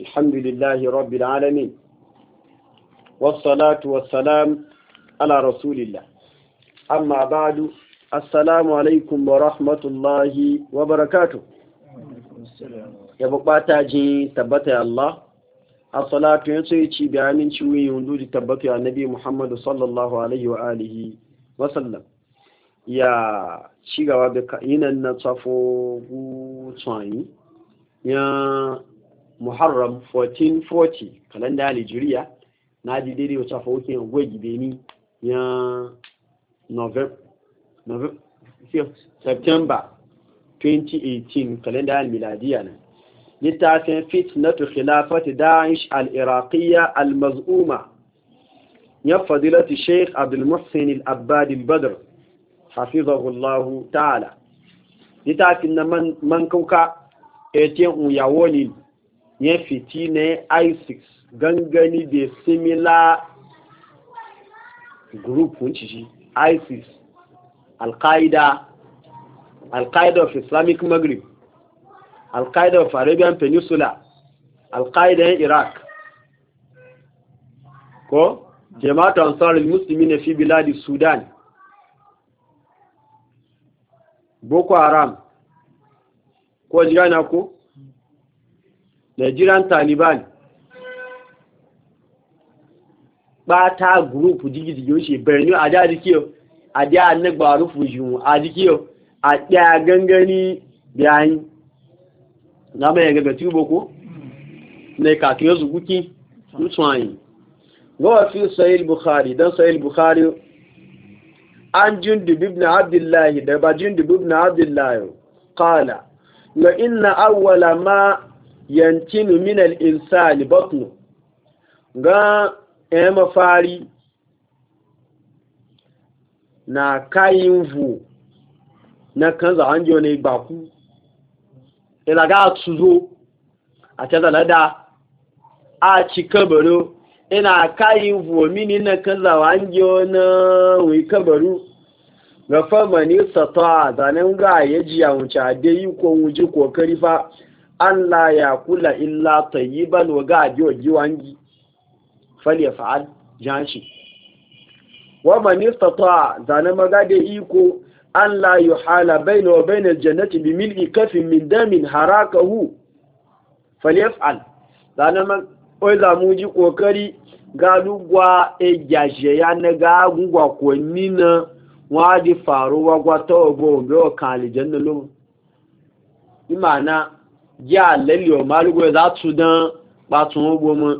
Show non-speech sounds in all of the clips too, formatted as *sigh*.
الحمد لله رب العالمين والصلاة والسلام على رسول الله أما بعد السلام عليكم ورحمة الله وبركاته ya bukata ji tabbata ya Allah a salatu ya ce ci bi aminci wuyi hundu da tabbata ya nabi Muhammadu sallallahu alaihi wa alihi wa sallam ya ci da yinan na tsafo gutsuwayi muharram 1440 kalanda ya nigeria na ji daidai wata fauki yan gwaji beni ya september 2018 kalanda ya miladiya na littafin fitnatu khilafati da'ish al-iraqiyya al-maz'uma ya fadilati sheikh abdul muhsin al-abbad al-badr hafizahu hafizahullahu ta'ala littafin na man kauka etiyan uyawo ya fiti ne isis gangani da similar group wunci shi isis al-qaida al-qaida of islamic maghrib al-qaida of arabian peninsula al-qaida in iraq ko jama'atu ansar al na fi biladi sudan boko haram ko na ko nigerian taliban pátá gúrùpù dígidìgì ó ṣe bẹ̀rẹ̀ ní àdá àdíkíọ àdá anẹ́gbà arúfù ìṣùn àdíkíọ àti agẹ́gẹ́ ní bíáyín lámẹ́ ẹ̀gẹ́gẹ́ tí ó boko ní kàkiri ọ̀sùnkú kí ń tún àyìn gọ́wọ́ fi sahil bukhari don sahil bukhari an jindubib na abdullahi da ba jindubib na abdullahi kala ga inna awwala ma yankin minal insani batnu ga ya mafari na kayin vu na kan za an baku ilaga su zo a ta zalada a ci kabaru ina kayin vu mini na kanza za an jiwa na wai kabaru ga famani sata zanen ga ya ji a wuce a dai yi ko wuji kokari fa Allah ya kula illa tayyiban wa ga ajiyo giwangi fal ya fa'al janshi wa man istata zana magade iko Allah yuhala bayna wa bayna jannati bi mil'i kafin min damin harakahu fal yaf'al zana man oi za mu ji kokari ga lugwa e jaje ya na ga gugwa ko nina wa di faruwa gwa to bo be o kan imana jẹ́ àlẹ́ lè ọmọ arúgbó ẹ̀ dán pàtún ogbó mọ́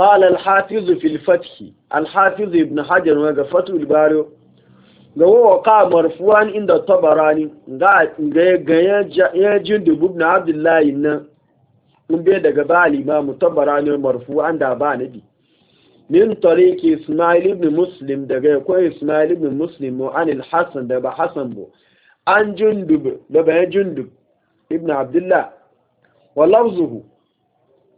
قال الحافظ في الفتح الحافظ ابن حجر وقفته الباري gawo wa ka inda tabarani ya jin abdullahi daga ba alimamu tabarani marfuwan da ba nabi min tariki ismail ibn muslim daga ya ismail ibn muslim mu an hassan da hassan bu an jin da ibn abdullah wa lafzuhu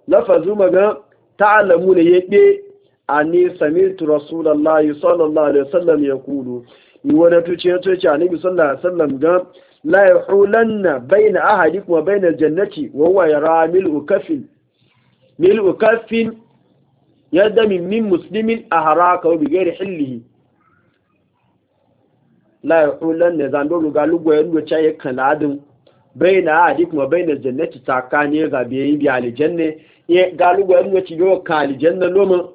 lafazu maga ta'alamu ne yake ani sami'tu rasulullahi sallallahu alaihi wasallam yaqulu ni wani tuce tuce annabi sallallahu alaihi wasallam ga la yahulanna baina ahadikum wa baina jannati. wa huwa yara mil'u mil mil'u kafin yadda min min muslimin ahraka wa bighairi hillihi la yahulanna zando ruga lugo yando cha yakan ladin Baina, na adi kuma baina na jannati tsakani ya zabe yi bi alijanne ya galugu ya nuna go ka alijanna loma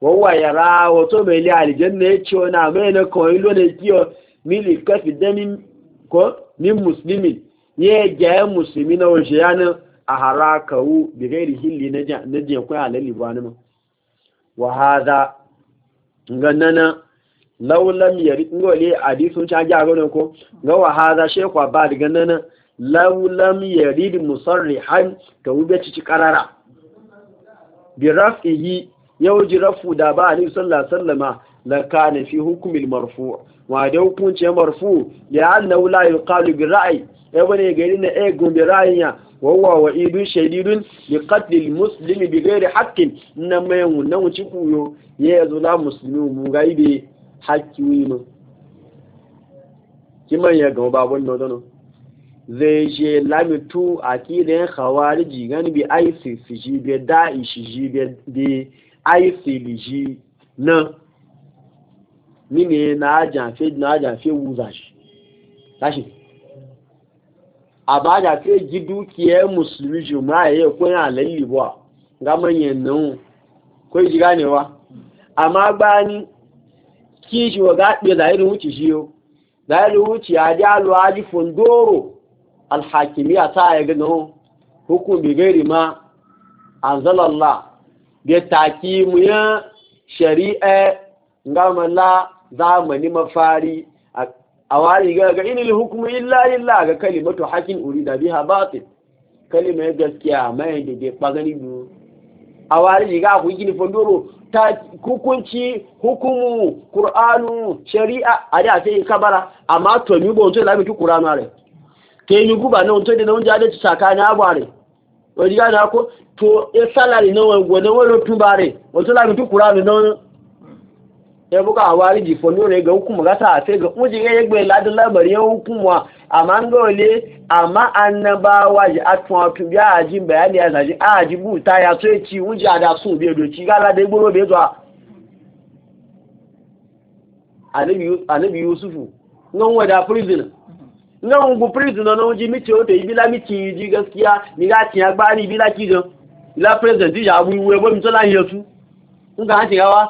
wawa ya ra wato mai li alijanna ya ce wani amai na kawai lona kiyo mili kafi damin ko min muslimi ye gaya muslimi na wajen yanin a harakawu bi gairi hilli na jiya kwa halalli ba nima wa haza ganana laulam yari ngole adisun ta gyaru ne ko ga wa haza shekwa ba da nan laulam yarid musarrihan ta wube ci karara bi raf'ihi yau ji rafu da ba alaihi sallallahu sallama la kana fi hukumin marfu wa da hukunci marfu ya annahu la yuqalu bi ra'yi ya bane gari na egun eh bi ya. wa huwa wa'idun shadidun li qatl al muslim bi ghairi haqqin inna ma yunna ya yazo la mu gaibe mu kiman ya ga babun zai je lamitu a kidan khawariji gani bi isis shi bi da'ish shi bi isil shi na mine na ajafe na ajafe wuza shi tashi a ba da fe ji dukiyar musulmi shi ma ya yi kwayan alallibuwa ga manyan nan kwai ji ganewa amma gbani kishi wa gaɗe zahirin wuce shi yau zahirin wuce ya ji alwa ji fondoro alhakimiyya ta ya gano hukun bi gairi ma anzalallah da taki, muya shari'a ngamala zamani mafari a wari ga inil hukumu illa illa ga kalimatu hakin urida biha batil kalimar gaskiya mai da ke bagani du a wari ga ku gini fondoro ta hukunci hukumu qur'anu shari'a a da sai kabara amma to mi da la mi qur'anu are tèmi gúbà náà tó dé náà oúnjẹ adé ti sàkáà ní àbọ̀ rẹ̀ òjìká náà na tó é go náà wọn gbọ̀n náà wọ́n ló tún bá rẹ̀ wọ́n tó E tún kúrò àmì náà ya buka a wari jifo nore ga hukumu gasa a sai ga kuje ya yagbe ladin labar ya ji atuwa tu biya a ya zaji a ji buta ya so e ci wuji a da su biya doci gala da igboro bai zuwa anabi yusufu nan prison nan gu prison na wuji miti o te ibila miti ji gaskiya ni ga ti agba ni ibila ki jo ila president ya wu we bo mi to la yesu nga ha ti gawa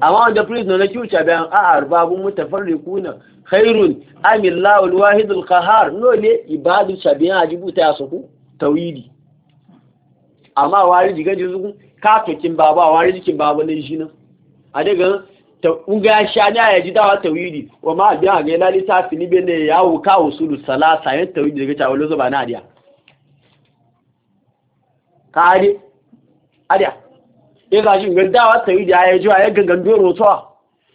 amma wanda prison na kiucha bayan a arbabu mutafarriquna khairun am illahu alwahid alqahar no ne ibadu shabiyan ajibu ta su ku tawhidi amma wari diga jizu ka to kin baba wari jikin baba ne shi nan a daga unga sha ya aya ji dawa tawhidi wa ma biya ga ila litafi ni bene ya wu ka usulu salasa yan tawhidi da ta wallahi ba na adiya ka adi adiya ya ga shi a dawa tawhidi aya ji aya gangan doro to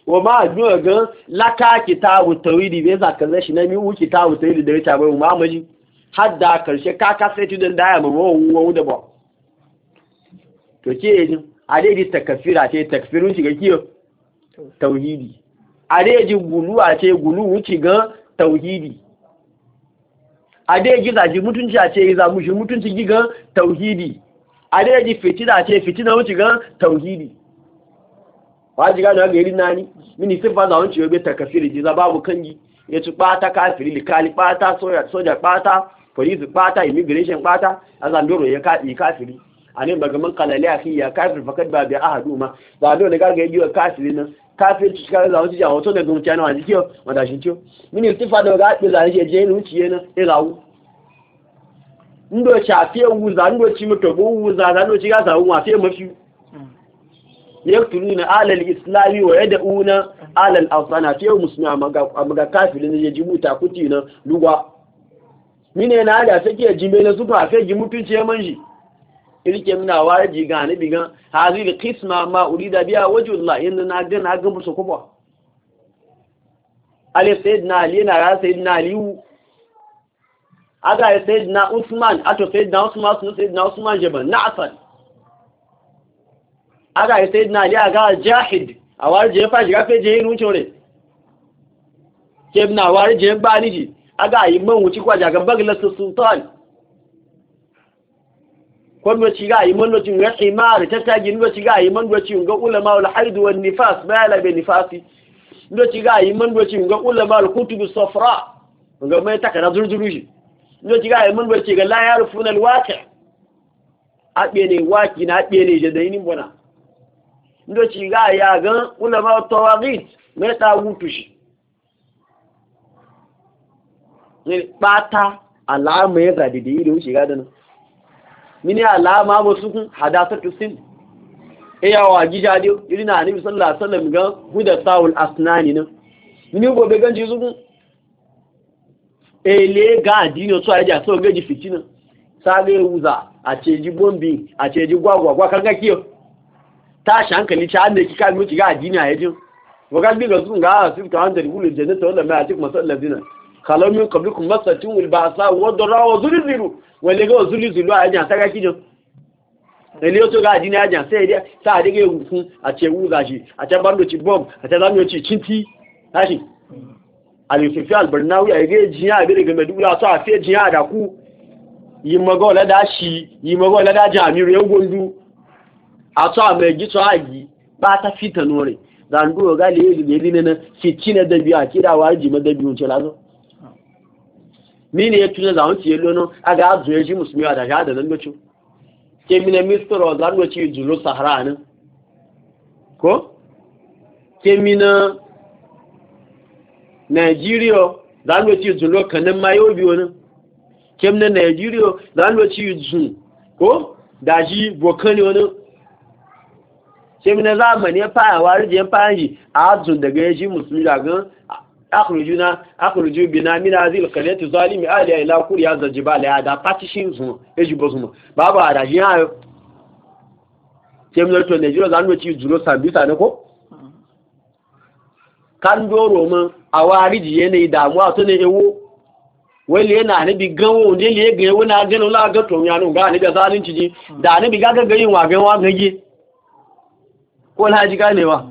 wa ma biya ga laka kitabu tawhidi bai za ka zai shi na mi wu kitabu tawhidi daga ta bai ma maji hadda karshe kaka sai tudun da ya wa wu da ba to ke yin ade di takfira ce takafirun shiga kiyo tauhidi adeji gulu a ce gulu wuce ga tauhidi adeji zaji mutunci a ce za mushi mutunci ga tauhidi adeji fitina a ce fitina wuce ga tauhidi ji gano ga irin nani mini sifa za wuce yobe takafiri jiza babu kangi ya ci bata kafiri likali bata soja bata polisi bata immigration bata a zandoro ya kafiri Ani baga man kalali afi ya kafir fakat ba bi ahadu ma ba do ne garga yiwa kafiri nan kafir ci kare za wuce jawo hoto da gumta na wani kiyo wanda shi kiyo min iltifa da e ga da zai je ne wuce nan e rawu ndo cha fi e wu za ndo ci muto bu wu za za ndo ci ga wu ma fi mafi yaktuluna alal islami wa yad'una alal awsana fi e muslima maga kafirin ne jibuta kuti nan lugwa mine na da sake jime na su fa ji mutunci ya manji irke muna ware jiga ne bigan hazi da kisma ma urida biya wajullah yanda na ga na ga musu kuma ali sayyidina ali na ra sayyidina ali aga ya sayyidina usman ato sayyidina usman sun sayyidina usman jaban na'fal aga ya sayyidina ali aga jahid a ware je fa jiga fe je inu ke kebna ware je ba a aga yi man wuci kwa ga baglas sultan kwanwaci ga yi manwacin ya imari ta tagi nwaci ga yi manwacin ga ulama wal haidu wal nifas ba la be nifasi nwaci ga yi manwacin ga ulama wal kutubu safra ga mai takara zurjuru shi nwaci ga yi manwacin ga la yarfuna al waqi abe ne waki na abe ne jadainin bona nwaci ga ya ga ulama wal tawagit mai ta gutu shi ne bata alama ya zadidi da wuce ga da nan mini alama ba su kun hadasa tusin iya wa gija dio iri na anabi sallallahu alaihi wasallam ga huda sawul asnani nan mini gobe ganji su kun ele eh, ga adini to aja so gaji fitina sale uza a ceji bombi a ceji gwagwagwa kan ga kiyo tashi hankali ta annaki kan miki ga adini a yajin wa galbi ga sun ga asibta hanzari ulul jannati wala ma atik masallazina kàlọ́ mi kọ̀bí kùn mọ́sọ̀ tí wọ́n bá sá wọ́n dọ̀rọ̀ ọ̀ zúlì zìlù wọ́n lè gọ́ zúlì zìlù àjà sára kíjọ ilé tó ga àdínà àjà sáàdégé ewu àti ewu àti abánlòtì bọ́m àti alámiọ̀tì chintí ràṣì alìsìfí albarnawi àìgé jiyàn àbẹ́rẹ̀ gẹ̀mẹ̀dúgbà sọ àfẹ́ jiyàn àdàkú yìmọ̀gọ́ ọ̀lẹ́dà ṣì yìmọ̀gọ́ ọ̀lẹ́dà jẹ́ àmì rẹ̀ mini ya tuna zaun ci lono aga azu ya ji musulmi da ga da nan gacu ke mina mister o zan gaci julu sahara ne. ko ke mina Nigeria zan gaci julu kanin mayo biyo nan ke mina Nigeria zan gaci jun ko daji bokani wani ke mina zamani ya fara warje fara yi azu daga ya ji musulmi da gan akhrujuna akhruju bina min hadhihi alqaryati zalimi ahliha ila qurya zajbal ya da patishin zun ejubo zun baba ada yin ayo temlo to nigeria zanu ci zuro sambisa ne ko kan doro mun awari ji yana damuwa to ne ewo wani yana ne bi gawo ne le ga yawo na ganin la ga to yanu ga ne ga zalunci ji da ne bi ga ga yin wa ga wa gaje ko alhaji ganewa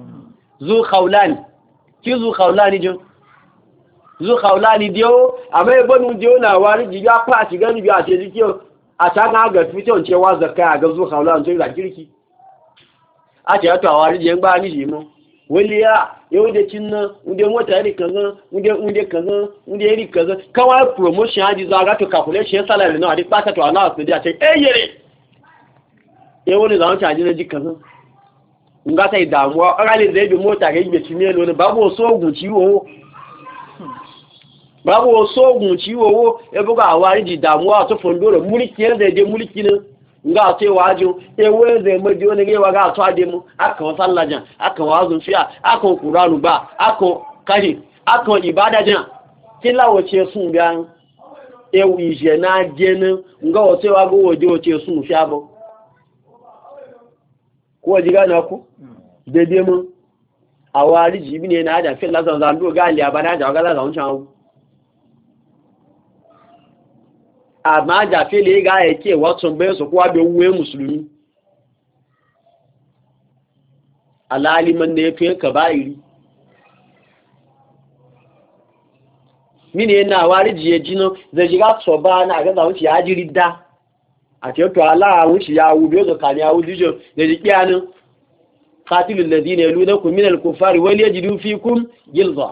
zu khaulan ki zu khaulan jin zuka wula ni diyo amma ibonu e diyo na wari jiga fa shiga ni biya ce dikiyo a ta ga ga fiton cewa zakka ga zuka wula ni da kirki a ce to wari je ba ni jimo waliya yau e da cinna unde mota ri kaza unde unde kaza unde ri kaza kawai promotion haji za ga to calculation salary na a ri pata to ana su da ce eyere eh, yau e ne za mu caji na ji kaza nga sai damuwa ƙaralin da ya bi mota ga yi mai cimiyar wani babu wasu ogun ciwo babu sogun ciwo wo e buga awari di damuwa to fondoro mulki yanzu je mulki ne nga to wajo ewe we ze maji wani ge waga to ade mu aka sallajan aka wazun fiya aka qur'anu ba aka kashi aka ibada jan kila wace sun eh, e wi na je ne nga wace wago sun ko jiga na ku mu awari ne na da lazan zan do abana ga lazan àmá àjàfẹ́ lè gá ẹ̀kí ẹ̀wọ́ tún bẹ́ sọkọ́ wábẹ̀ wúwé mùsùlùmí alálìmọ́ ní ẹ̀fẹ́ kàbá ìrí mini yana wari jiye jino zai shiga tsoba na a da kuminal kufari wani ya gilza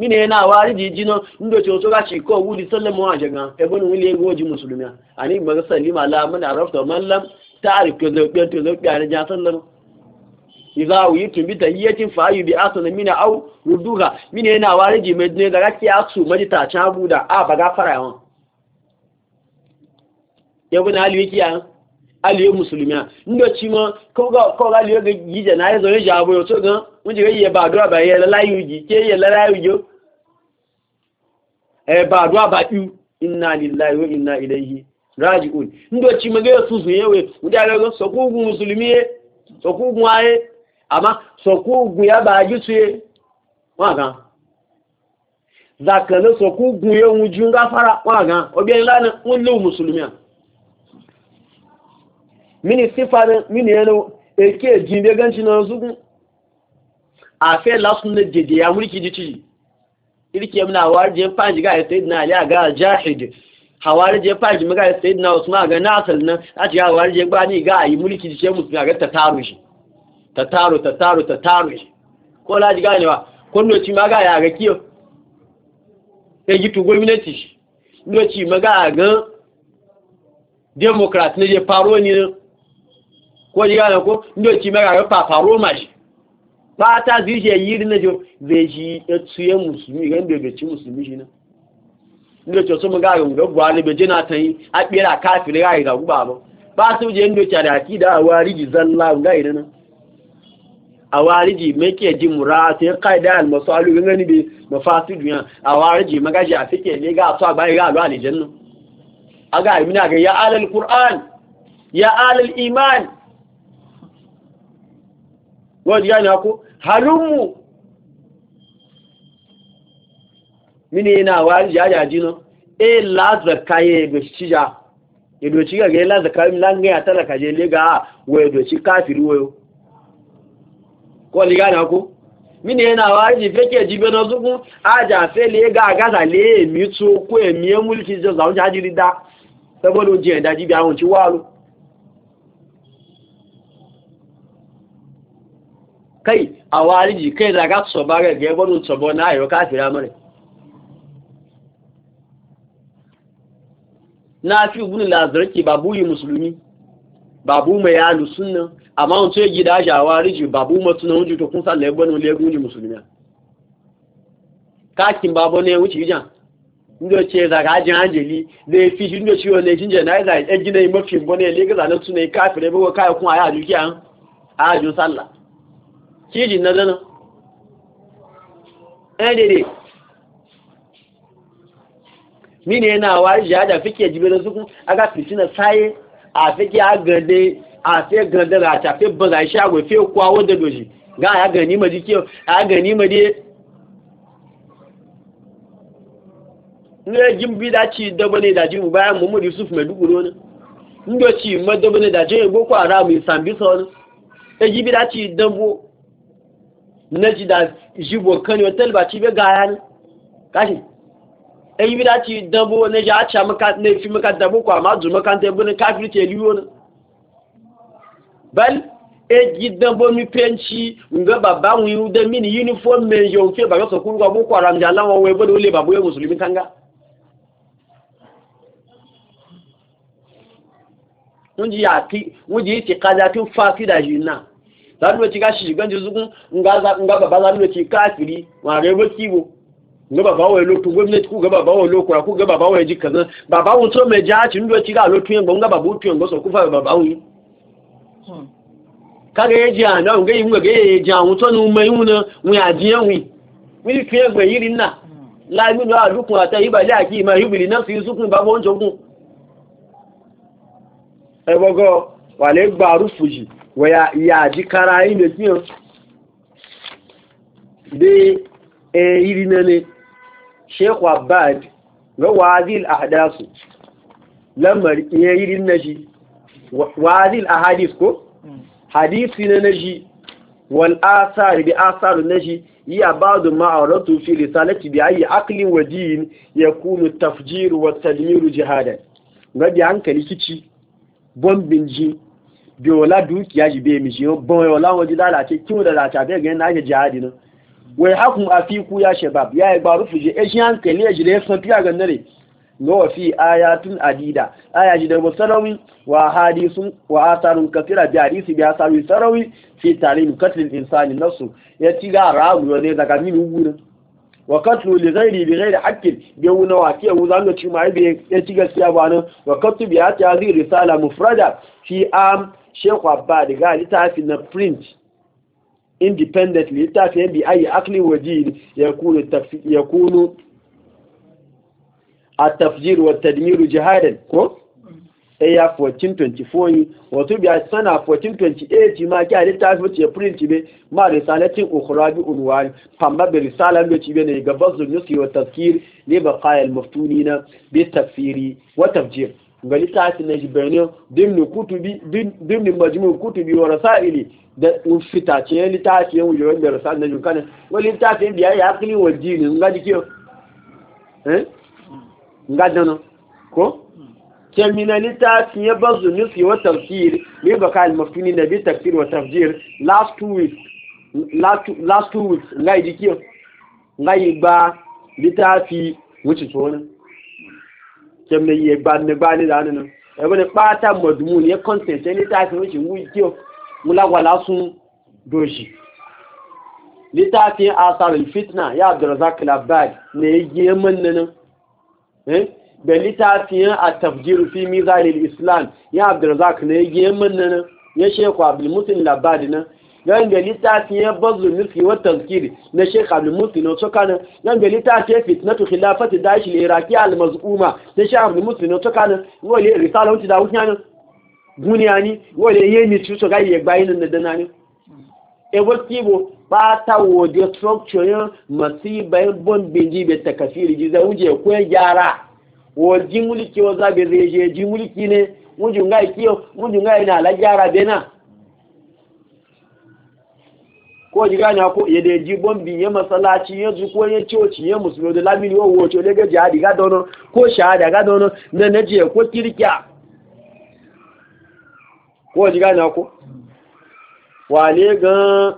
mini yana wari jijino ndo ce wasu gashi ko wuli sallan mawa jaga ebon wuli ya goji musulmi a ni ba ga salima la mun arafta man lam ta'rif ko zai biya to zai biya ne ja sallan idza uyitum bi tahiyatin fa ayu bi asana mina aw ruduha mini yana wari ji medne daga ki aksu maji ta cha buda a ba ga fara ya yabo na aliyu kiyan aliyu musulmi ndo ci ma ko ga ko ga aliyu ga gije na ayi zo ne jabo yo to gan mun ji ga yi ba do ba yi la layu ji ke yi la layu jo Eh, ba duwa baƙi inna iwe wa inna ilaihi raji'un ndoci mage su su yewe ndare go sokugu musulmi ye sokugu aye ama sokugu ya baji su ye waga zakale sokugu ya wuju ngafara waga obi lana wulu musulmi mini sifare mini eke na ya ji irke muna je faji ga sayyidina ali ga jahid hawarje fashi ga sayyidina usman ga na nan a ci hawarje gbani ga yi mulki je musulmi ga tataru shi tataru tataru tataru shi ko laji gane ba kullu ci ma ga ya ga kiyo sai e gitu gwamnati shi lokaci ma ga ga democrat ne je faro ni ko ji gane ko ci ma ga faro ma shi fata zai shi yi na jo zai shi ya tsuye musulmi ga inda bai ci musulmi shi na inda ce sun ga yunga buwa ne bai jina ta yi a ɓera kafin ya yi guba ba ba su je inda ce da aki da a wariji zalla ga yi nan a wariji mai ke ji mura ta yi kaida almasu alu yin gani bai mafasi duniya a wariji magaji a fike ne ga su a bayan ga alu alijan nan a ga mina ga ya alal qur'an ya alal iman wọ́n yá ni na mini yana wa yaya jino e lazaka ya edoci ya ga ga lazaka mi lan ga talaka je ga wa edoci kafiri wayo ko mini yana wa ji feke jibe na zugun aja fe le ga ga le mi tu ko emi e mulki je da ji kai a wariji kai da ga so ba ga gebonu so bo na ayo kafira mare na fi ibn lazarki babu yi musulmi babu mai yalu sunna amma on ce gida jawariji babu mutuna wuji to kun sa sallai bonu legu ni musulmi kakin babo ne wuci jan ndo ce za ajin hanjeli zai fi shi ndo ciwo ne shinje na za a gina mafi bane le gaza na su ne kafirai bawa kayan kuma a yi a ajin sallah kíjì na ẹ̀dẹ̀dẹ̀ mí ni ẹna àwà ìyájà fíkẹ̀ jìbẹ̀rẹ̀ súnkún aga pìtínà sáyé àfíkẹ́ agẹ̀dẹ̀ àfẹ́ gẹ̀dẹ̀rẹ̀ àtàfẹ́ bọ̀rà iṣẹ́ àwẹ̀ fẹ́ kó awó dẹ̀dọ̀jì gáà agẹ̀nímọ̀dé ne jin bi da ci dabo ne da jin bayan Yusuf ndo ci ma dabo ne da jin boko ara isan biso wani e ji bi da ci dabo na ji da jibo kan yotel ba ci be gaya ne kashi ɗan yi da ci dabo na ji a ca ne fi maka dabo kwa ma zu makanta ya bane kafin ce liyo ne bal e ji dabo mi penci nga babba mu yi da mini uniform mai yau fe ba gasa kuru kwa boko jalan wa wai bane wale babu ya musulmi kanga wọ́n jí àti wọ́n jí ìtìkájá tó fásídà yìí náà zanuwa ci gashi shigan jirgin nga baba zanuwa ci kafiri ma rebo nga baba wa lokacin gwamnati ku gaba baba wa lokura ku gaba baba wa ji kaza baba wun so mai jaci ndo ci ga lokacin yan gonga babu tuyan goso ku fa baba hmm. yi. kaga ye ji ana nga yi nga ye ji an to nu mai na mu ya ji yan wi mi tuyan gbe yiri na hmm. la mi no adukun ata ibale aki ma ibili na fi sukun baba won jogun ebogo wale gba rufuji wọ́ya yaji karayi ne kiyo de e iri nane sheikh abbad ga wazil ahdasu lamar iya iri naji wazil ko hadisi na naji wal asar bi asar naji iya bada ma awratu fi risalati bi ayi aqlin wa din yakunu tafjir wa tadmir da. ga bi hankali kici bí ọlá dúkìá yìí bí èmì ṣe bọ́n ẹ̀ ọláwọn jí lára tí kí wọ́n dára àtàbí ẹ̀gẹ́ náà ṣe jáde náà wẹ̀ hákùn àfi ya ṣẹ̀bà bí ẹgbà rúfù ṣe ẹṣẹ́ à ń tẹ̀lé ẹ̀jìlẹ̀ ẹ̀sán bí àgbẹ̀ náà rẹ̀ lọ́wọ́ aya tún àdìdà aya jì dẹ̀gbọ́ sọ́rọ́wí wà á di sún wà á sarun kàtírà bí àdìsí bí á sarú sọ́rọ́wí fi tàrí nù kàtìlì mufrada fi am sheikh abba ga littafi na print independently littafi bi ayi akli waje ya kunu a tafjir wa tadmir jihadan ko ya 1424 wato bi sana 1428 ma ki a littafi ce print be ma risalatin bi unwan famba bi risalan da ci be ne da nuski wa tafsir li baqa al maftunina bi tafsiri wa tafjir ga littafi na jibernin dimni majimin kutubi wa rasa'ili da fitace ya littafi ya wujewa da rasa na jinkanin wani littafi ya biya ya hakili wa jini nga jike nga dana ko kemina littafi ya bazu nufi wa tafsir ne ba ka almafini na bi tafsir wa tafsir last two weeks last two weeks nga jike nga yi ba littafi wuce tsohonin kem na gba ne gba ni da nínú ẹgbẹ́ ni pátá mọ̀dúnmù ní content ẹni tí a fi oṣù wú la ọ̀ mú lágbàlá sún dòṣì littafin asarar fitna ya abdulrazak labad na eh? ya yi a tafjiru fi islam ya abdulrazak na ya yi yaman nanin ya musulmi abdulmutin labad na. yan ta da yan bazul mulki wa tazkiri na Sheikh Abdul Musin na Tsokana yan da littafin fitnatu khilafati Daesh al-Iraqi al-Mazkuma na Sheikh Abdul Musin na Tsokana wale risala wuce da wunyani buniyani wale yemi tuso ga ye gbayin na danani e wakibo ba ta wode structure masiba bon benji be takafiri ji za uje ko yara wajin mulki wa zabe reje ji mulki ne mujunga kiyo mujunga ina la yara bena ko ji gani ko ya da ji bombi ya masallaci ya zu ko ya coci ya musulmi da lamini wa wocho le ga jihadi ga dono ko shahada ga dono na naje ko kirkiya ko ji gani ko wale gan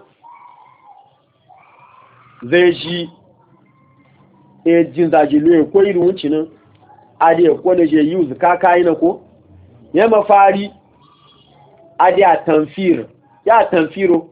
zai shi e jin zajilu ya ko irin wuce nan a da ya je yi zuka kayi na ko ya mafari a tanfir. ya tamfiro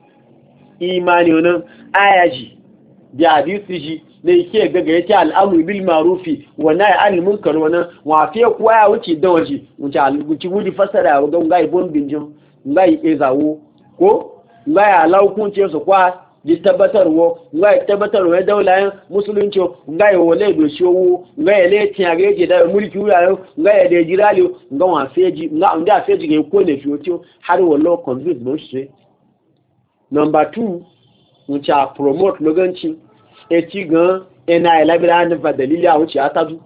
imani wani ji, da hadisi ji na yake gaga yake al'amur bil marufi wani ya an munkar wani wafe kuwa ya wuce da waje wuce al'ubuci wuri fasara ya gan gai bon binjin gai ezawo ko gai alaukunce su kwa ji tabbatarwa gai tabbatarwa ya musulunci gai wale da gai ya da mulki gai da jirali ga wafe ji ga wanda ya ji ga fiye har wallo convince ba shi number two wuce a promote loganci e ci gan ina ilabira ni fa dalili a wuce a tazu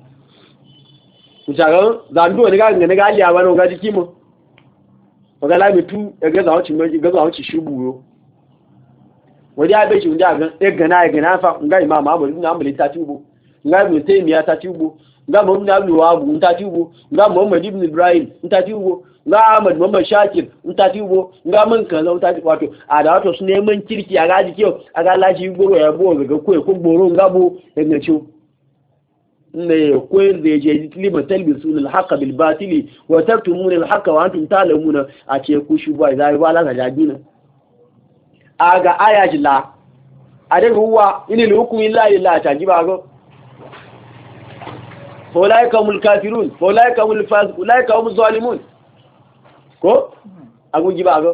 wuce a gan zandu wani ga gane ga aliyawa na oga jiki mu oga lami tu ya gaza wuce mai gaza wuce shi buro wani ya bai shi wunde a gan ya gana ya gana fa nga ma abu ibn ambali ta tubo nga ibn taimiya ta tubo nga muhammadu abdullahi abu ta tubo nga muhammadu ibn ibrahim ta tubo nga Ahmad Muhammad Shakir in ta ti go nga mun kan zau ta ti wato a da wato su neman kirki a gaji kiyo a ga lashi goro ya bo ga koyi ko goro nga bo ne ciwo ne ko zai je lima talbisul alhaqa bil batil wa taktumun alhaqa wa antum ta'lamuna a ce ku shi ba zai ba la ga a ga jila a daga huwa inil hukumi la ilaha ta ji ba go فأولئك kafirun الكافرون فأولئك هم الفاسقون أولئك هم الظالمون ko agungi ba ga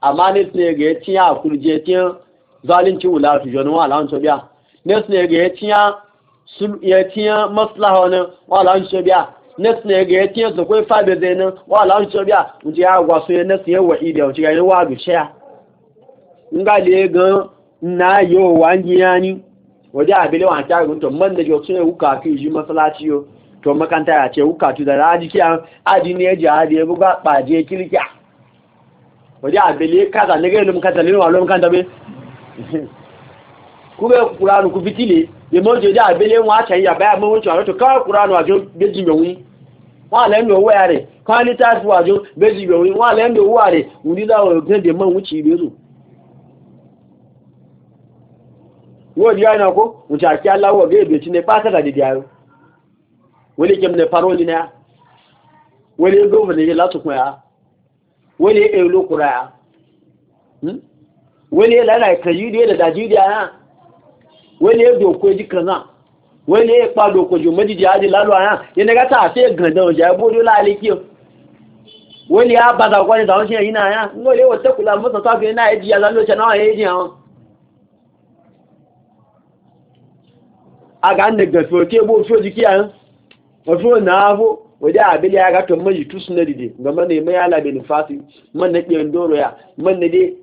amma ne tune ga tiya kurje tiya zalunci wula su jonu wa lan so biya ne ga tiya sul ya tiya maslaha ne wa lan so biya ne tune ga tiya so ko fa be zena so biya unji ya gwa so ne wa ide unji ga wa du share nga le ga na yo wanji yani waje wa ta man da jo ki ji yo to makanta ya ce wukatu da raji kiya aji ne ji aji ya buga ɓaje kirkiya waje abele kaza ne gani makanta ne wa lomi kanta be *laughs* kube kuranu ku fitile ya mawuce waje abele wa can ya baya mawuce wa to kawai kuranu wajo beji mewun wọn alẹ́ ń lò owó rẹ̀ kọ́ ní táàtù àjọ méjì ìròyìn wọn alẹ́ ń lò owó rẹ̀ wùdíláwọ̀ ògbẹ́dẹ̀ mọ́ òun ti di ọ̀nà wani gemne paroli na wani gọ́ọ̀fẹ̀ ní látùkùn ya wani èlò lokura ya wani lára ìkàyírí da da ya wani doko ji jí wani ya wani doko ji maji ji àjí lálọ́ ya yẹn nígbà tàà sí gàndàn ọjà ìbójú láàrín kí o wani ya bàtà kọ́ ní tàwọn sí ẹ̀yìn wani ya wata kula masa tẹ́kùlá mọ́tò tó àfihàn náà èjì yàtọ̀ lóṣẹ̀ náà èjì àwọn aga ń nẹ̀gẹ̀fẹ̀ òkè bó fi ó di kí wato na abu waje abin ya gato mai tu suna dide ga mana mai ala bin fasi man na kiyan doro ya man na dai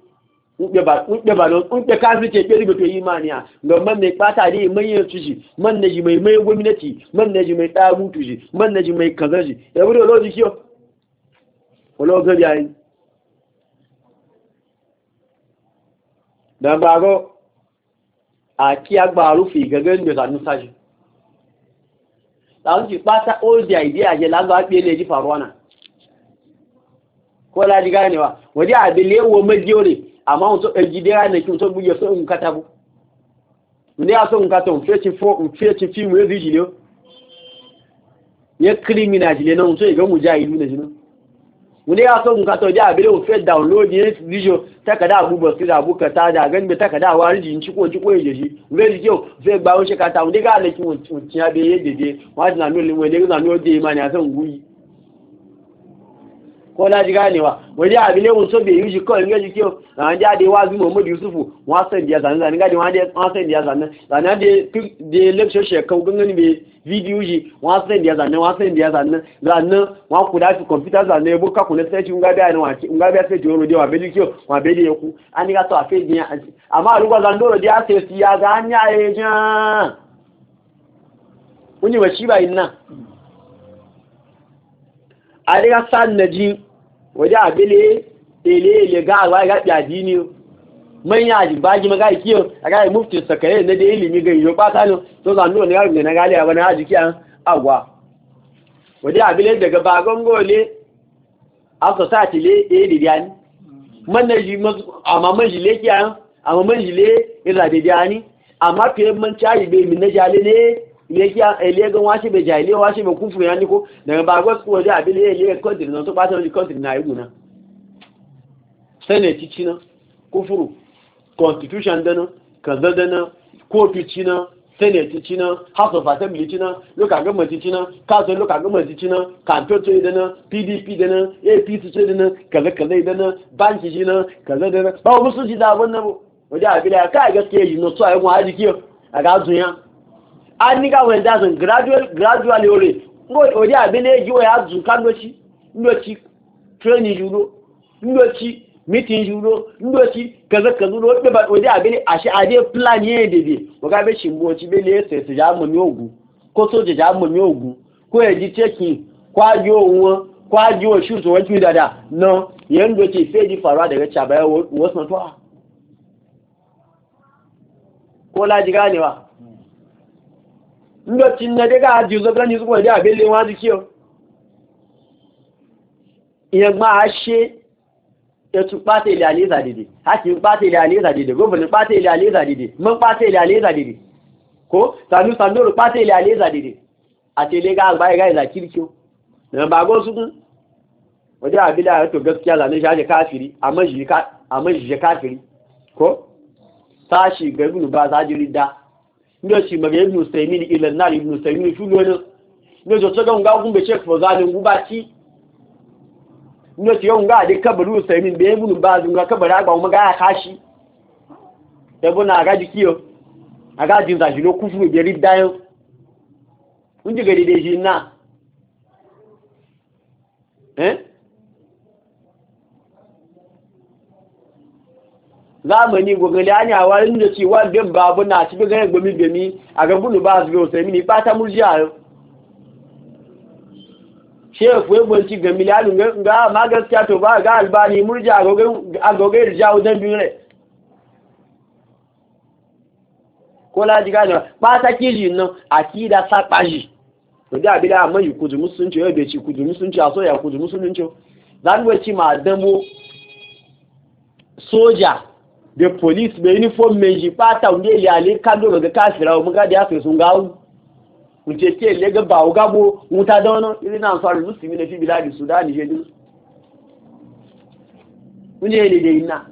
kuɗe ba kuɗe ba don kuɗe kafin ke ke rubuta imaniya ga man na kpata dai mai yin tushi man na ji mai mai gwamnati man na ji mai tsamu tushi man na ji mai kaza shi ya bude loji kiyo wala ga yayi dan bago a ki agbaru fi gagan da zanu sashi láwọn ti pátá all the idea jẹ lágbà pé lè jí faruwa náà kó láti gáà níwá wọ́n dí àbílẹ̀ wo méjì ó rè àmọ́ ohun tó ẹjì dẹ́ra ní kí n tó gbúyẹ fún òun kátà bú ní àtọ́ òun kátà òun fẹ́ẹ̀tì fún òun fẹ́ẹ̀tì fíìmù ẹ̀rí ìjìlẹ̀ ó yẹ kírímìnà ìjìlẹ̀ náà ohun tó ìgbẹ́mù já ìlú nàìjíríà wani ya so nka to da abin da ofe download yin video takada abubuwa su da abuka ta da gan bai takada wa rijin ci ji yau zai gba wani shekata ga wani na wani ga na nolin da imani a ko na ji wani abu ne mun so bai yi shi kawai ga jike na an jade wa zuwa Muhammad Yusufu wa san dia zan zan gadi wa dia wa san dia zan zan de de lecture she kau gangan be video ji wa san dia zan wa san dia zan zan wa ku da shi computer zan ne boka ku ne sai wa wa a amma zan ya ga anya waje abele ele ele ga wa ga ya dini man ya ji baji maga kiyo aga mufti sakare na da ilimi ga yo ba tano to za no ne ga ne ga a bana haji kiyan agwa waje abele daga bagon gole aka sa ti le ele diani man na ji amma man ji le kiyan amma man ji le ila e, de diani amma pe man chaji be min na jale ne yẹ́kíá ẹlẹ́gán wá ṣíbẹ̀ jà ilé wá ṣíbẹ̀ yi fún ìyáníkó nàìjíríà agbẹ́kú ọjọ́ àbílẹ̀ ilé kọ́ntìrì náà tó pàtàkì lórí kọ́ntìrì náà ìgbò náà senate china kúfùrù constitution dana kazan dana china senate china house of assembly china local government china council local government china kantoto dana pdp dana apc dana kaza-kaza dana banki china kaza báwo musulci da abin na a gázun an ni kawai da sun gradually ore ori abin ne yiwa ya zuka ndoci ndoci training juro ndoci meeting juro ndoci kaza kaza ro pe ba ori abin a shi ade plan ye de o ga be shimbo ci be le se se ja mo mi ogun ko to je ja mo mi ogun ko e di checking kwa yo won kwa yo shoot won ti dada no ye ndoci fe di fara daga chaba wo so to ko la ji ganewa ndọ̀tí nnẹ́dẹ́ káàdì ọzọ́gbọ́n ní ṣúgbọ́n ìdí àbílé wọn dí kí ọ ìyẹgbọ́n a ṣe ẹtù pàtẹ́ ilẹ̀ àlẹ́ ìsàdìdì a ti ń pàtẹ́ ilẹ̀ àlẹ́ ìsàdìdì gómìnà pàtẹ́ ilẹ̀ àlẹ́ ìsàdìdì mọ́ pàtẹ́ ilẹ̀ àlẹ́ ìsàdìdì kó sànú sàndóró pàtẹ́ ilẹ̀ àlẹ́ ìsàdìdì àti ilé gáàgbá ẹ̀gá ìlà kíríkíó nàmbà gósùnkún wọ́n jẹ́ àbílẹ̀ àrẹ́tò gẹ́sìkíà lànà ìṣàjẹ́ káàkiri àmọ́ ìṣìṣẹ́ káàkiri kó sáà ṣì gẹ́gùn bá sáà jírí dáa ní ọ̀sì mẹ̀rẹ̀ ibn usaimin ilẹ̀ náà ibn usaimin fún lónà ní ọjọ́ tó dánwò gáwùn bẹ̀ sheik fọ̀zánì gúbá tí ní ọ̀sì yóò gá àdé kábàrú usaimin bẹ̀ ibn bá zùn gá kábàrú àgbà wọn gáyà káṣí ẹbọn náà àgájì kí ọ àgájì zamani gogali an yawa yin da cewa bin babu na ci bigayen gomi gomi a gabunu ba su biyo sai mini fata murjiya shefu ya gwanci ga miliyalin ga ma gaskiya to ba ga albani murjiya a da jawo don biyu ne ko laji gane ba ta kiji nan a kida saɓa shi wadda abida amma yi kudu musunci yau bai ci kudu musunci a soya kudu musulunci zan ci ma damo soja the police be uniform meji pata unde yale kando ga kafira mu ga dia sun gawo mu ce ce le ga bawo gabo mu ta da wono na an faru muslimi na fi biladi sudan je din mun ne de ina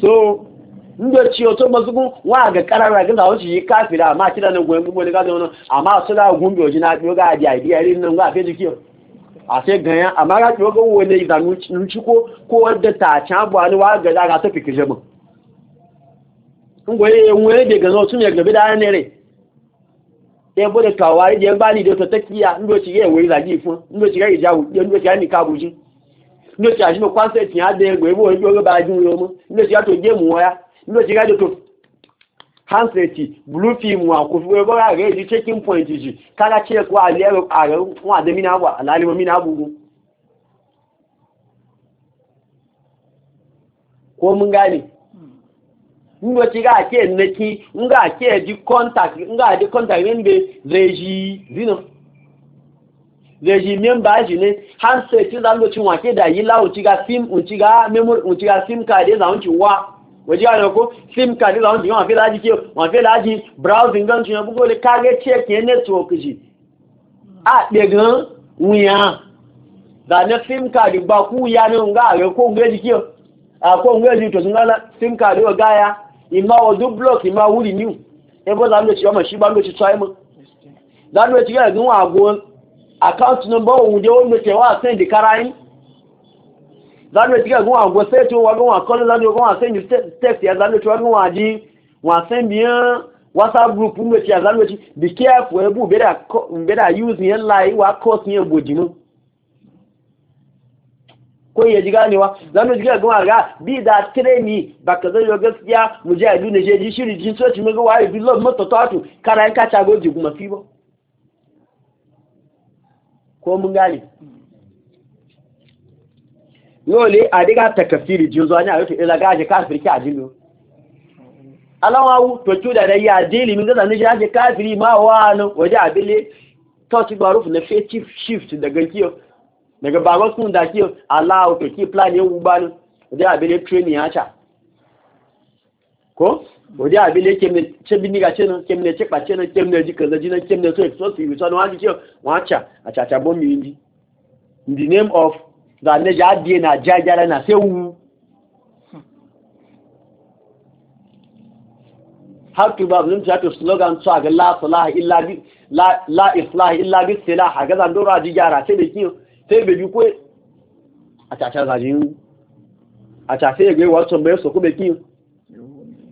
so ndo ci to wa ga karara ga zawo ci kafira ma kida ga da gumbi oji na biyo ga dia idea irin nan ga fe a sai amara amma ga kiwa ga wani izanuci ko ko ta can abuwa ni wa ga za ga ta fiki jabin ngwaye enwe de gano tun ya gabe da nere e bode kawari je ba ni de to takiya ndo ci ye we zaji fun ndo ci ga ijawu ndo ci ga ni kabuji ndo ci ajino kwanse ti ade ngwe bo ndo ba ju yo mo ndo ci ga to je mu wa ndo ga de hanseti bluefin wa ku fi ba ga ga ji checking point ji kaga ce ku a lero a ga wa da mina wa alalima mina bugu ko mun gane hmm. ndo ci ga ke naki nga ke ji contact nga ji contact ne be reji zino reji member ji ne hanseti zan lo ci wa ke da yi lawo ci ga sim un ci ga memory un ci ga sim card da un ci wa waje a yanko sim card za wani wọn fi laji fi browsing gan tuyan gbogbo le kage check network a ɗegan wuya sim card ba ku ya ko ngeji a ko ngeji to sun sim card wa gaya ima wa du block ima wuri new e bo zan ma shi ba mu zan ga zanu tiga gun ago se to wa gun akon zanu gun ase ni text ya zanu to gun wa ji wa se bian whatsapp group mu ti zanu ti be careful e bu better better use yen lai wa cause yen goji mu ko ya ji ganewa zanu tiga gun aga bi da training ba ka zai gaskiya mu ji adu ne je ji shiri jin so ti mu ga wa bi love moto to atu kara en ka cha goji guma fi ko mun yole adiga takafiri juzo anya yote ila gaje kafiri ki ajilu alawawu to chuda da ya adili min gaza nije aje kafiri ma wano waje abili to ti baruf na feti shift daga kiyo daga bago da waje abili ko waje abili the name of da ne ja biye na jajara na sai wu har ba mun ta to slogan to ga la salaha illa bi la la islaha illa bi ga zan dora ji gyara sai da kiyo sai be bi ko a ta ta zajin a ta sai ga wato bai so ko be kiyo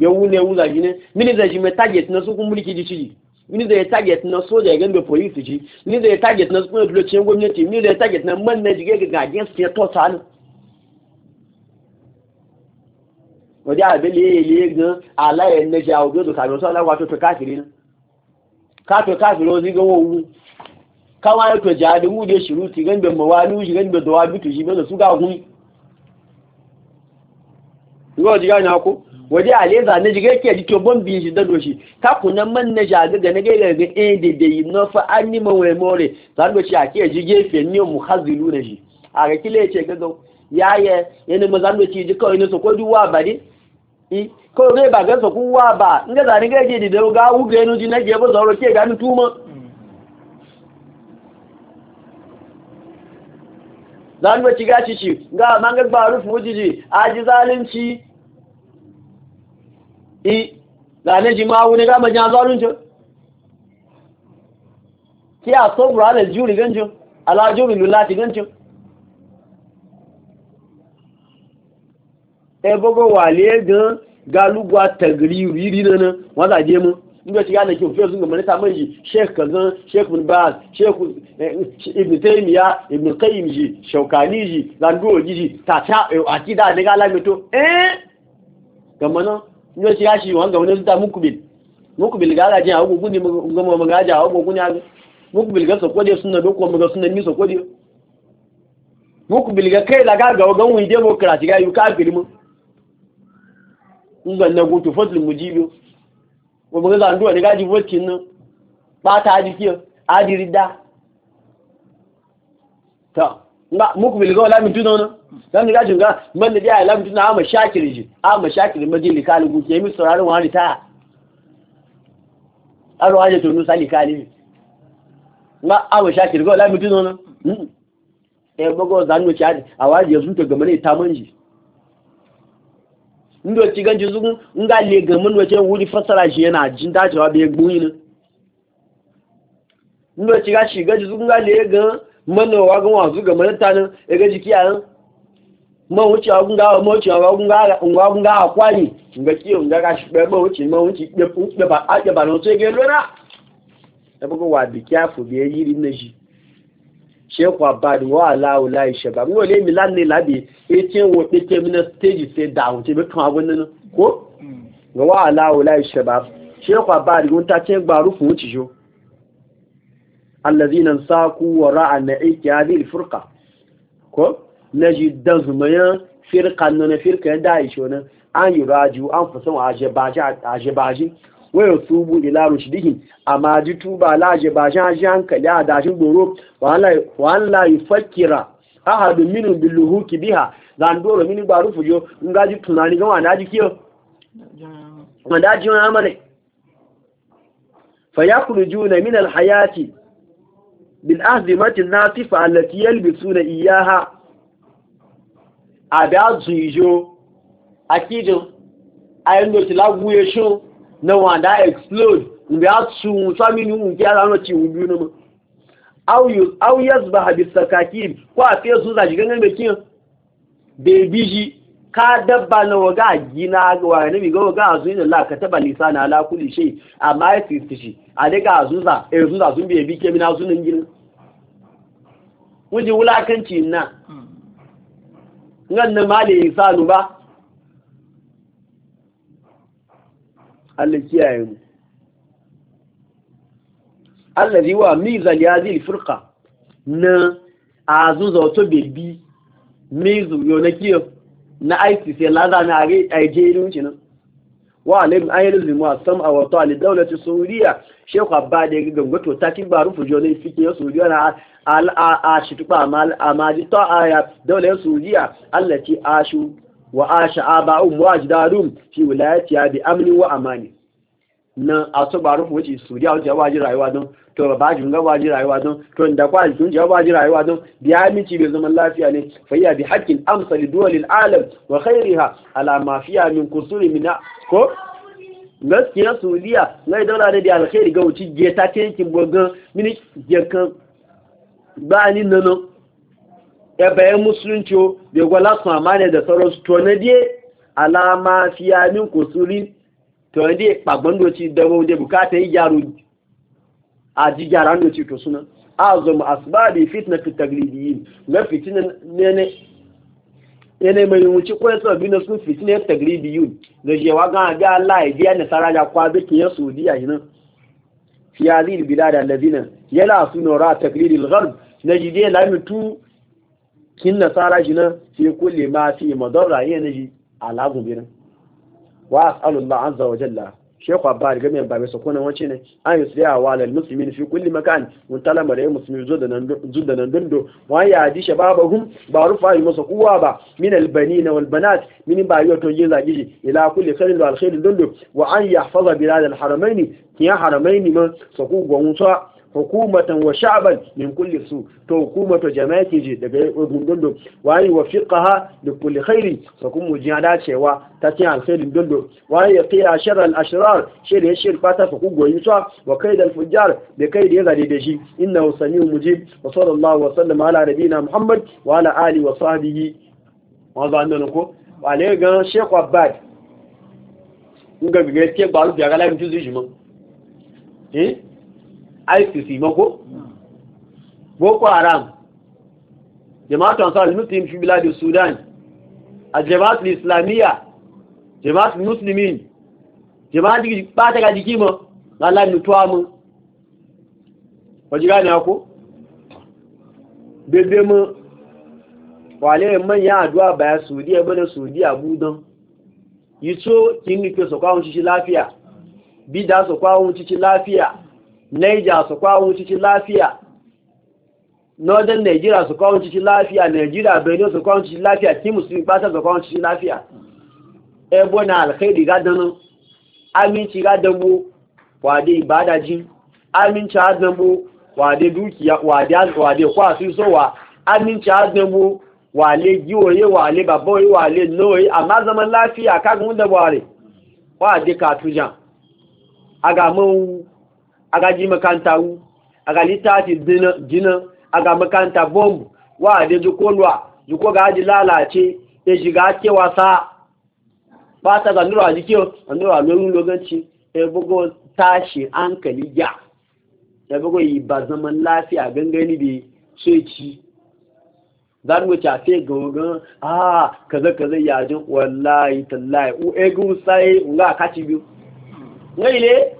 yawu ne wu zajine mini zajime target na su mulki ji ni da target na soja gan da police ji ni da ya target na kuma lokacin gwamnati ni da ya target na man na jige ga against ya to sanu wadi abele yeye gan alaye ne ja odo do kabi so la wa to to kafiri na ka to kafiri o zi gan wu. ka wa to ja de wu de shiru ti gan be ji be do wa ji be ga gun ngo ko waje a leza na jiga ke jike bon bi shi da doshi ta kunan man na jaga ga na gaira ga da eh, da yi na fa nima wai more zan shi a ke jige fe ni mu hazilu na shi a ga kile ce ga ya yaye yana ma zan doshi ji kawai so ko duwa ba ne ko ga ba ga so kuwa ba in ga zani ga je ga wuga ga ji na je ba zauro ke ga ni tuma zan doshi ga shi shi ga manga ba rufu a aji zalunci i e, zane ji mawu ne gama jan zalun jo ki a sobra ala juri ganjo ala juri lulati ganjo e bogo wale gan galugu tagri riri nana wọ́n zàdé mú nígbà tí yánà kí òfin ọ̀sùn gbọmọ̀ níta mọ́ yìí sheik kazan sheik mubaz sheik ibn taimiya e, ibn yìí shaukani yìí zandu yìí tàṣà àti dáadẹ́gá alágbètò ẹ́ gbọmọ̀ náà ne ti yashi wanga wani zuta mukubil mukubil ga gajin hagu guni gama magaja hagu guni hagu mukubil ga sokode suna doko maga suna mi sokode mukubil ga kai da gaga ga wani demokrati ga yi kafiri mu ngan na gutu fatul mujibi ko maga zan duwa ne gaji votin nan ba ta ji kiyo adirida ta ma muku bil ga lamin tuno no dan ga jin ga man da ya lamin tuno ma shakiri ji ama shakiri majili kali ku ke mi sauraron wani ta aro aje to nu sali kali ma ama shakiri ga lamin tuno no hmm. e bogo zanu ci a awaji yasu to gamane ta manji ndo ci ganji zugun nga le gamin wace wuri fasara shi yana jin dacewa bai gbuyi ne ndo ci ga shi ganji zugun nga le gamin manowa gan wasu ga malata ga jiki a nan mawuce agun gawa mawuce agun gawa ga kiyo ga gashi bai ba a ɗe na wato ya ga lura ya buga wa bi kyafu na shi sheku abadi wa alawu layi shaba ngo le mi ne labi etin wo pete mi na stage se down kan nan ko mm. ngo wa alawu layi shaba sheku abadi gun ta ce gbaru fun allazina saku wa ra'a na aiki hadhihi ko naji dan zumayan firqan nan firqan da aisho nan an yuraju an fusan ajebaji ajebaji wayo tubu ila rushdihim amma ji tuba la ajebaji hankali a dashin goro wala yufakkira ahadu minhum biluhuki biha zan dole mini ba rufujo ngaji tunani ga wanda ji kiyo wanda ji wani amare fa yakhruju min alhayati bil azimatin natifa allati yalbisuna iyaha ada zuijo akijin ayin do ti lagu sho na wanda explode mbe atsu family un ki ara no ti wudu no aw yu aw yasbah bisakakin ko afi su za jigan ne kin biji ka dabba na waga gina wa ne mi ga waga azu ina laka ka taba na ala kulli shay amma ya shi a daga azuza eh zuza sun biya bi ke mina sunan gina wuje wulakanci na hmm. nan na sa insanu ba Allah kiyaye mu allazi wa mizal yazil furqa na azuza wato bebi mizu yo na kiyo na ICC laza na a jerin wuce nan wa alim ayyar zimuwa sam a wato alidaunaci suriya shekwa abba da ya gangato ta ti gbaru fujo ne ya suriya na a tuba a majita a ya daular suriya allaci ashu wa asha ba'un wa ajdadun fi wilayati ya bi amini wa amani na a su ba su diya wuce ba ji rayuwa don to ba baji ga ba ji rayuwa don to da kwa ji kun ji ba ji rayuwa don biya miki bai zaman lafiya ne fa ya bi haqqin amsal duwal alam wa khairiha ala ma fiya min kusuri min ko gaskiya su sudiya ngai dole da da alkhairi ga wuce je ta ce kin bogan mini je kan ba ni nono ya e bayan musulunci o. bai gwala su amma ne da sauransu to na die alama fiya min kusuri to wanda ya kpagbon doci dama bukata yi gyaro ní ji gyara doci to suna azum asbabi fitna fi fitina na fitinan nene wuce na fitina ya taglidiyun da jewa gan abi Allah ya ya fi hazil labina allazina yana suna ra taglidil gharb na jide kin nasara shi fi kulle ma fi ji alagun wa as'alullah azza wa jalla shekhu abbar ga mai babe sakona wace ne an yusri a walal muslimin fi kulli makan mun talama da musulmi zo da nan da nan dundo wa ya ji shababahum ba rufa yi masa kuwa ba min al banina wal banat min ba yo to je zagi ila kulli khairin wal khairin dundo wa an yahfaza bilad al haramain ki ya haramain man saku gwanwa hukumatan wa sha'ban min kulli su to hukumata jama'a ke je daga gungun do wa fiqaha li kulli khairi so kun mu jiya dacewa ta ci alkhairin dondo wani ya qira shar al ashrar shi da shi fata fa ku goyi to wa kaid al fujjar da kai da zade da shi inna samiu mujib wa sallallahu wa sallama ala nabina muhammad wa ala ali wa sahbihi wa zannan ko le ga shekhu abbad ga gaske ba lu biya ga la mutu zuji eh ICC mako Boko Haram jama'atu ansar al-muslim fi bilad al-Sudan al-jama'at al-islamiyya jama'at al-muslimin jama'at ba ta gaji kima Allah ni tuwa amu. waji gane ko bebe mu wale ya manya addu'a baya Saudiya bane Saudiya budan yito kin ni ke so kwawun shi lafiya bi da so kwawun shi lafiya Niger su kwawo cikin lafiya Northern Nigeria su kwawo cikin lafiya Nigeria Benin su kwawo cikin lafiya ti musulmi ba ta su kwawo cikin lafiya ebo na alkhairi gadanu, aminci gadanu dambo wade ibada aminci gadanu dambo wade dukiya wade wade kwa su sowa aminci gadanu wale giwoye wale baboye wale noye amma zaman lafiya kagun da bare wade katujan aga mun aga ji makanta wu aga dina jina aga makanta bombu wa da jikolwa jiko ga ji lalace ya e shiga ke wasa ba ta zanurwa jike zanurwa lorin lokaci ya e bugo tashi hankali ya ya e bugo yi ba zaman lafiya gangani bi sai ci zan ta ce fe gawagan ah kaza kaza ji wallahi tallahi u egu sai unga kaci biyu ngai le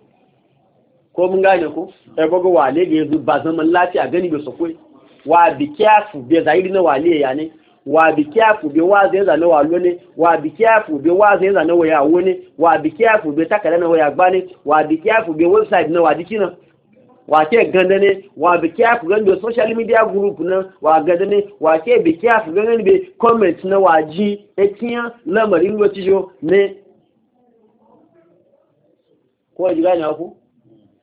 ko mun gane ku sai gogo wale ga yanzu ba zaman lafiya gani bai so kai wa bi kiafu be zairi na wale ya ne wa bi kiafu be wa zai zana walo ne wa bi kiafu be wa zai zana waya wo ne wa bi kiafu be takala na waya gba ne wa bi kiafu be website na wa dikina wa ke ganda ne wa bi kiafu gan be social media group na wa ganda ne wa ke bi kiafu gan be comment na wa ji etiyan lamarin lo tijo ne ko ji gane ku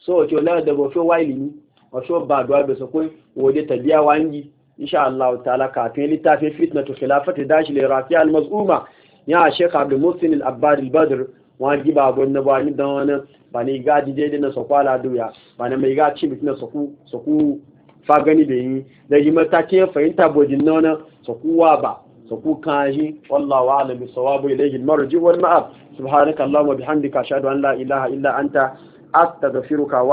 so wace wala da ba fi waili ni wato ba duwa da sakwai waje tabiya wangi insha Allah ta'ala kafin littafin fitnatu khilafati dashil iraqi al maz'uma ya sheikh abdul musin al abbad al badr wangi ba gon na ni dan wani ba ne ga dije da na sakwala duya ba ne mai ga ci bitin saku saku fa gani da yi da yi matake fahimta bojin nona sakuwa ba kan saku kaji wallahu a'lam bisawabi ilayhi al marji wal ma'ab subhanaka allahumma bihamdika ashhadu an la ilaha illa anta astaghfiruka wa